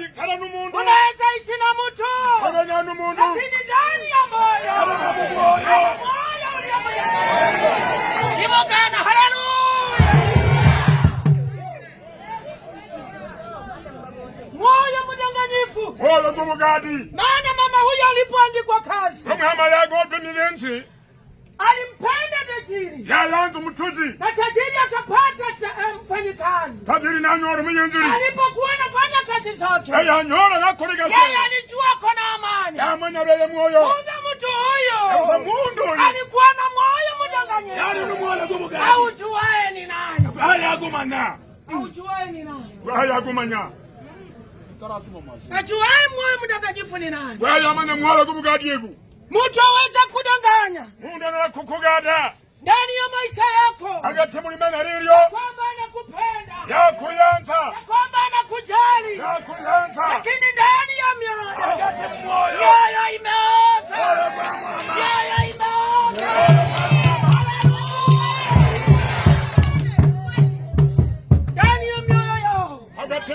ikara n'umuntu unaweza ishi na mtu pamoja n'umuntu lakini ndani ya moyo moyo uliomuyesu hivyo gana haleluya moyo mdanganyifu moyo gumugadi maana mama huyo alipoandikwa kazi romuhama yagotu nilinzi alimpenda yayanze umucuzi na tajiri akapata eh, mfanyikazi. Tajiri nanyola mwenyenjiri, alipokuwa anafanya kazi zake yayanyola nakorega sana, yeye alijua kona amani, yamanya leye moyo. Kumbe mtu huyo mundu alikuwa na moyo mdanganyifu, yali ni mwana gumu gani? Au juae ni nani? Haya gumanya, au juae ni nani? Haya gumanya ajuae moyo mdanganyifu ni nani? Wewe amanya mwana gumu gadi yego, mtu aweza kudanganya mundu anakukugada ndani ya maisha yako, kwamba anakupenda na kwamba anakujali, lakini ndani ya mioyo mioyo imeoza, mioyo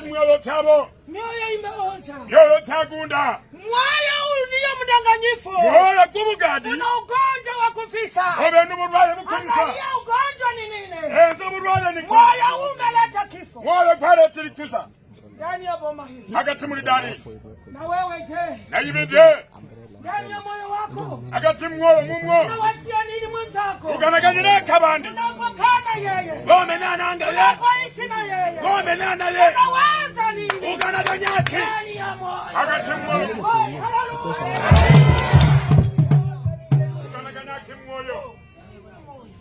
imeoza mioyo imeoza, mioyo tagunda, moyo ulio mdanganyifu, moyo gumu gadi bukumvisa obende uburwayi bukumvisa angalia ugonjwa ni nini eza eh, uburwayi ni moyo umeleta kifo moyo kwaletera ikiza ndani ya boma hili hagati muri dari na wewe je na ibi je ndani ya moyo wako hagati mwoyo mumwo unawasia nini mwenzako uganaganyira kabandi unapokana yeye gomenana na yeye unaishi na yeye gomenana na yeye unawaza nini uganaganyaki ndani ya moyo hagati mwoyo oh,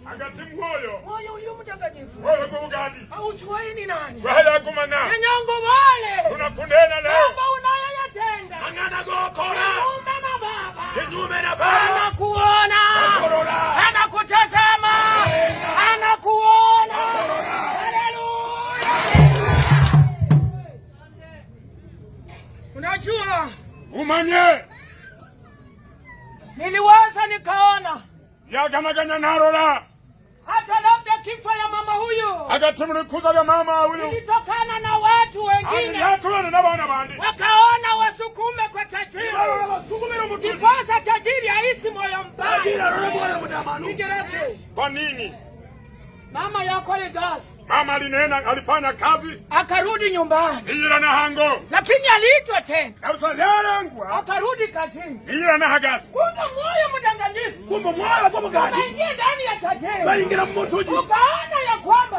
hagati mu mwoyo mwoyo y'umunyagagizi mwoyo gw'ubugali awuchiwayi ni nani lwaha yagumana enyango bale tunakunena leo mambo unayoyatenda mang'ana gokora kinyume na baba kinyume na baba anakuona anakutazama anakuona haleluya unajua umanye niliwaza nikaona yaganaganya narora akatumulukuza mama huyu ilitokana na watu wengine na bana bandi wakaona wasukume kwa tajiri, wasukume ndiposa tajiri aisi moyo mbaya. tajiri Kwa nini? Mama yakole gas Mama alinena alifanya kazi akarudi nyumbani ila na hango, lakini aliitwa tena nausalelengwa akarudi kazini ila na hagas Kumbe moyo mdanganyifu, kumbe moyo kwa mgadi waingia ndani ya tajiri, waingira mmotuji ukaona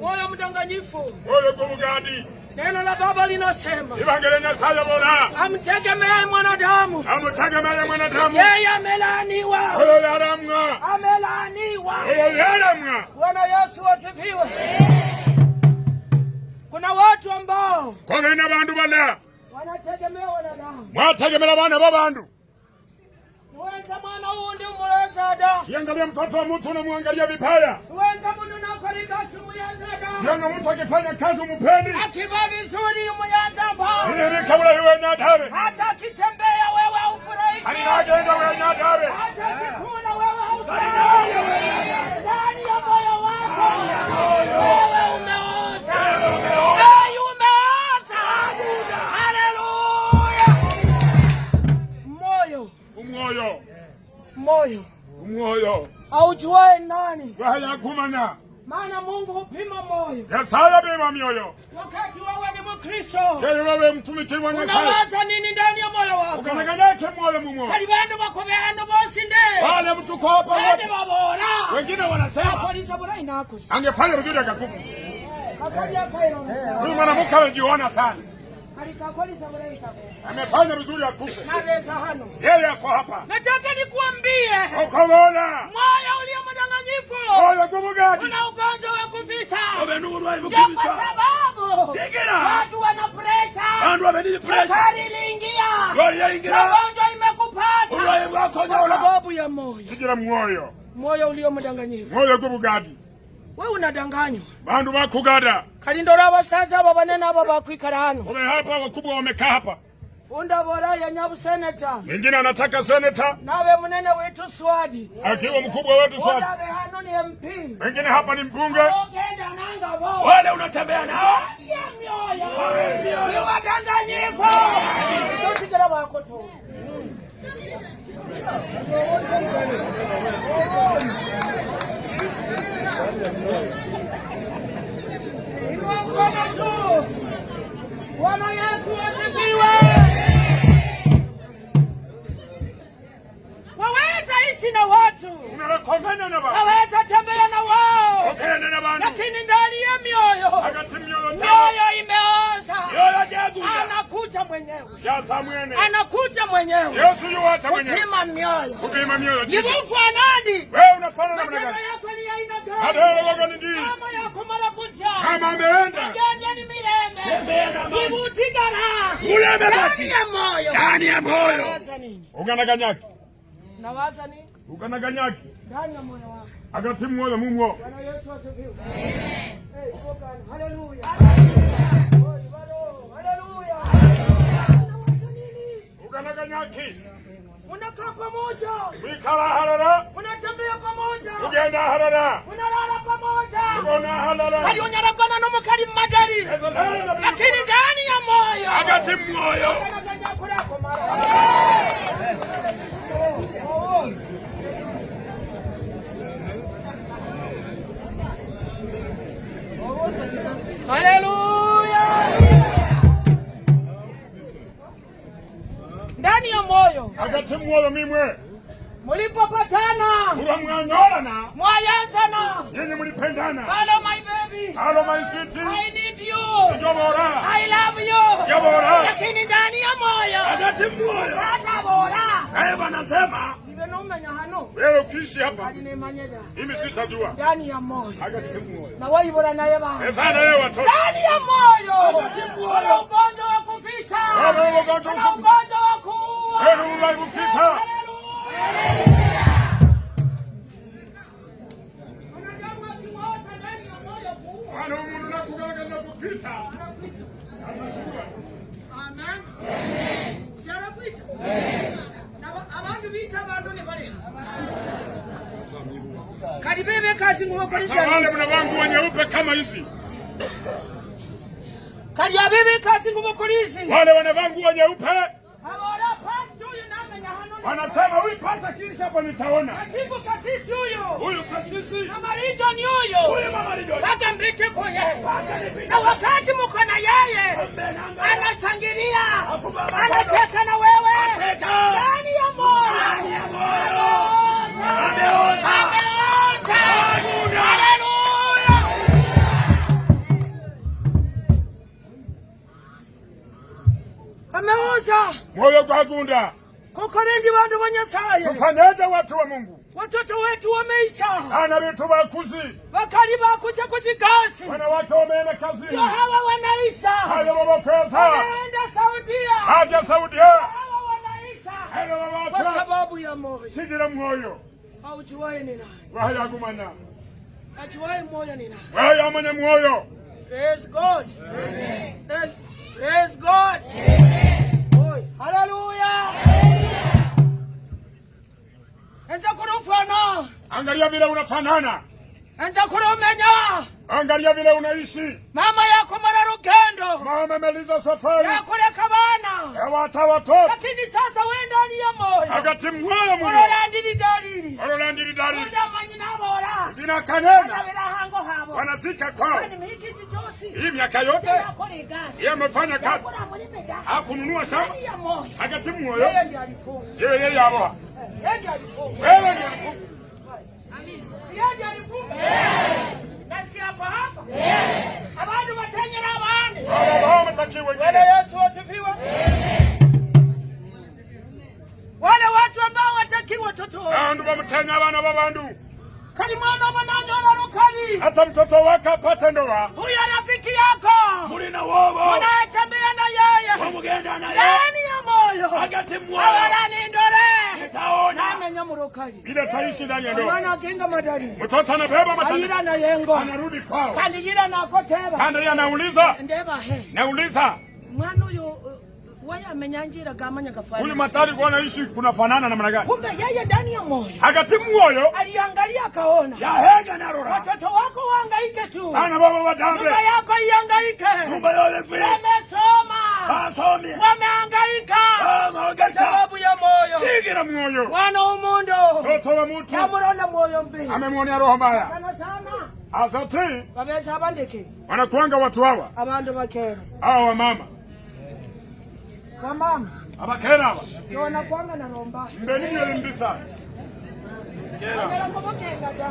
moyo mdanganyifu, moyo gumugadi. Neno la Baba linasema na sala bora, amtegemee mwanadamu, amtegemee mwanadamu. Yeye amelaaniwa, amelaaniwa. Bwana Yesu asifiwe. Kuna watu ambao kongena bandu bala wanategemea wanadamu, mwategemela bana ba bandu niwenza mwana uwu ndi umulezada, yangalia mtoto wa mtu na muangalia vipaya yanga mtu akifanya kazi mupendi, akiva vizuri muyanzapa, ili vikabura iwe nyadave, hata kitembea wewe ufurahishi, aninagenda wewe nyadave, hata eh. kikuna wewe hautaraji ndani ya moyo wako, wewe umeoza, ei, umeoza. Haleluya! moyo umwoyo moyo aujuae nani wahayagumana maana Mungu hupima moyo. Yesaya hupima mioyo. Wakati wewe ni Mkristo. Yeye wewe mtumiki wa Nyasaye. Unawaza nini ndani ya moyo wako? Ukanaganaje moyo mumo. Kali bandu bakobehano bose nde. Wale mtu kopa. Wale babora. Wengine wanasema. Polisi bora inakusa. Angefanya vizuri akakufa. Kakali yako inaonekana. Mimi mwanamke anajiona sana amefanya vizuri akufe. Yeye ako hapa. Nataka nikuambie, ukamona moyo ulio mdanganyifu, moyo gumu gani? Una ugonjwa wa kufisa kwa sababu watu wana presha, sukari iliingia, ugonjwa imekupata wako, kwa sababu ya moyo. moyo. Moyo ulio mdanganyifu, moyo gumu gani? We unadanganywa. Bandu bakugada. Kalindora basaza aba banene aba bakwikara hano. Wame hapa wakubwa wamekaa hapa. Funda bora ya nyabu seneta. Mwingine anataka seneta. Nawe mnene wetu Swadi. Akiwa mkubwa wetu Swadi. Wanda hano ni MP. Mwingine hapa ni mbunge. Ukenda nanga bo. Wale unatembea na hao. Ya mioyo. Wale mioyo. Ni wadanganyifu. Tutikira wako tu. Mm. Bwana Yesu asifiwe. Waweza ishi na watu, waweza tembea na wao, lakini ndani ya mioyo mioyo imeoza. Anakuja mwenyewe, anakuja mwenyewe kupima mioyo. Yupo fanani ama yako mara kucha. ameenda. Agenda ni milele. Ibutikara. Kule mbati. ya moyo. Ndani ya moyo. Uganaganyaki. Nawaza nini? Uganaganyaki. Ndani ya moyo wako. Agatimu wala Mungu Bwana Yesu asifiwe. Amen. Hallelujah. Hallelujah. Unawaza Unakaa pamoja. Unatembea pamoja. Ugenda harara kalionaragana no mukali lakini ndani ya moyo hagati mwoyo Haleluya! Ndani ya moyo hagati mwoyo mimwe mulipopatana muramwanyolana mwayanzana yenye mulipendana halo my baby halo my sweetie i need you jobora i love you jobora lakini ndani ya moyo adati moyo hata bora naye banasema niwe nomenya hano wewe ukiishi hapa nimemanyaja mimi sitajua ndani ya moyo adati moyo na wewe bora naye ba sasa wewe watoto ndani ya moyo adati moyo ugonjwa wa kufisha ugonjo wa kuua ugonjwa wa kuua Mnavangu wanyeupe kama hizi wale wanavaa nguo nyeupe Wanasema huyu pasa kisha hapa nitaona. Katibu kasisi huyo. Huyu kasisi. Mama Region huyo. Huyu Mama Region. Paka mbiche kwa yeye. Na wakati mko na yeye. Anashangilia. Anacheka na wewe. Anacheka. Ndani ya moyo. Ndani ya moyo. Ameota. Ameota. Haleluya. Ameoza. Moyo kwa gunda mukorenge bantu ba nyasaye tufanyeje watu wa mungu watoto wetu wameisha ana vitu bakuzi bakali bakuja kujikazi wanawake wameenda kazi ndio hawa wanaisha hayo mabofeza wanaenda saudia haja saudia hawa wanaisha hayo kwa sababu ya moyo sigira mwoyo aujiwaye ni nani wahaya gumana ajiwaye moyo ni nani wahaya amanye mwoyo praise god amen eh, praise god amen Hallelujah. Nitakurufana. Angalia vile unafanana. Nitakurumenya. Angalia vile unaishi. Mama yako mara rugendo. Mama amemaliza safari. Ya kabana. Ya wata watoto. Lakini sasa wewe ndani ya moyo. Agati mwoyo mwe. ni dalili. ni dalili. Ndamanyina bora. Ndinakanena wanazika kwao. Hii miaka yote yeye amefanya kazi, hakununua shamba akatimu moyo, yeye ndiye yeye ndiye aboha, Yeye ndiye alifunga wale watu ambao watakiwa watoto, Abantu wamtanya bana babandu hata mtoto wake apate ndoa. Huyo rafiki yako muli na wobo munayetembea na yeye wamugenda na yeye ndani ya moyo agati mwoyo awarani ndore nitaona namenya murukali ile taishi ndani ya ndoa mwana akinga madari mtoto anabeba matani ayira na yengo anarudi kwao kandi yira nako teba kandi yanauliza ndeba he nauliza mwana huyo wewe amenyanjira kama nyakafari. Ule matari kwa anaishi fanana na gani? Kumbe yeye ndani ya moyo. Akatimu moyo. Aliangalia akaona. Ya hega na rora. Watoto wako wahangaike tu. Ana baba watambe. Nyumba yako ihangaike. Nyumba yao ipi? Wamesoma. Wasomi. Wamehangaika. Wameongeza. Sababu ya moyo. Chigira moyo. Wana umundo. Toto wa mtu. Kamurona moyo mbi. Amemwonea roho mbaya. Sana sana. Azati. Babesha bandike. Wanakuanga watu hawa. Abantu bakera. Hawa mama wamama abakeera aba ndonakwanga nalomba mbeninyo limbisa amelongobokengaga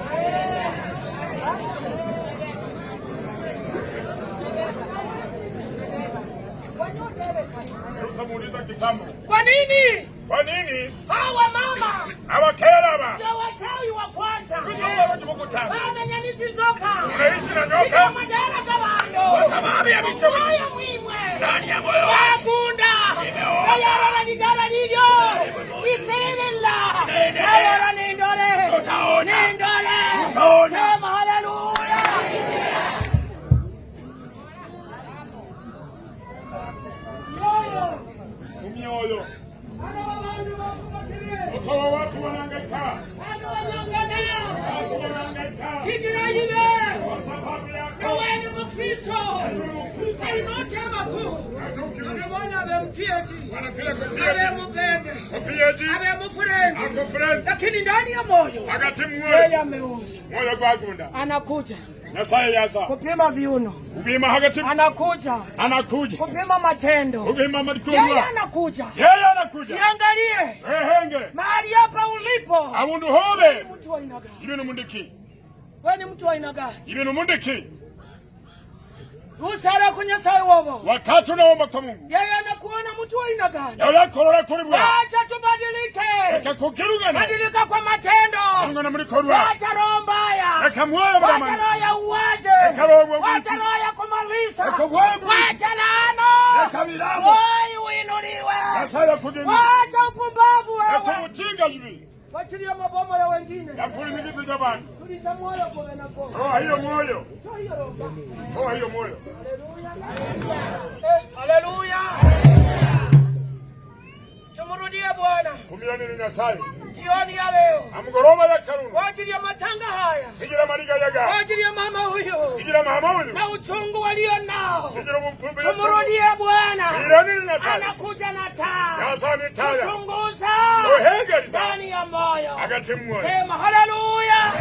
Kwa nini? Kwa nini? Hawa mama. Hawa kera Ndio wachawi wa kwanza. Wamenyanyisi nyoka. Unaishi na nyoka. Ndio madara kama ndio. Kwa sababu ya michogo. Fikira ile nawe ni Mkristo, kalimata makuu ndio Bwana amempiaji, amemupenda, amemfurezi, lakini ndani ya moyo yeye ameuza, anakuja Kupima viuno. Anakuja. Anakuja. Kupima matendo. Yeye anakuja. Yeye anakuja. Siangalie. Mahali hapa ulipo. Awundu hobe. Mtu wa inaga. Ibe mundiki. We ni mtu wa aina gani? Ibintu mundiki. Usara kunya sawe wobo. Wakati unaomba kwa Mungu. Yeye anakuona mtu wa aina gani? Yeye anakuona kuri bwa. Acha tubadilike. Eka kukirugana. Badilika kwa matendo. Mungu na mliko rwa. Acha roho mbaya. Eka mwoyo mbaya. Acha roho ya uwaje. Eka roho mbaya. Acha roho ya kumalisa. Eka mwoyo mbaya. Acha laano. Eka milamo. Wewe uinuliwe. Acha upumbavu wewe. Eka mjinga hivi. Wachilia maboma ya wengine. Yakuli mijibu za bantu. Tulita moyo kwa wena kwa. Toa hiyo moyo. Toa hiyo roho. Toa hiyo moyo. Haleluya. Haleluya. Murudie Bwana. Kumia nini Nyasaye? Jioni ya leo. Amgoroba ya karuni. Kwa ajili ya matanga haya. Sigira mariga yaga. Kwa ajili ya mama huyo. Sigira mama huyo. Na uchungu walio nao. Sigira mpumbia. Tumrudie Bwana. Kumia nini Nyasaye? Anakuja na taa. Nyasaye ni taa. Kuchunguza. Ohege ndani ya moyo. Akatimua. Sema haleluya.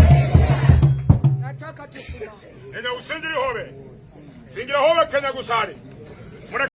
Nataka tusimame. Nenda usingiri hobe. Singira hobe kenya gusari.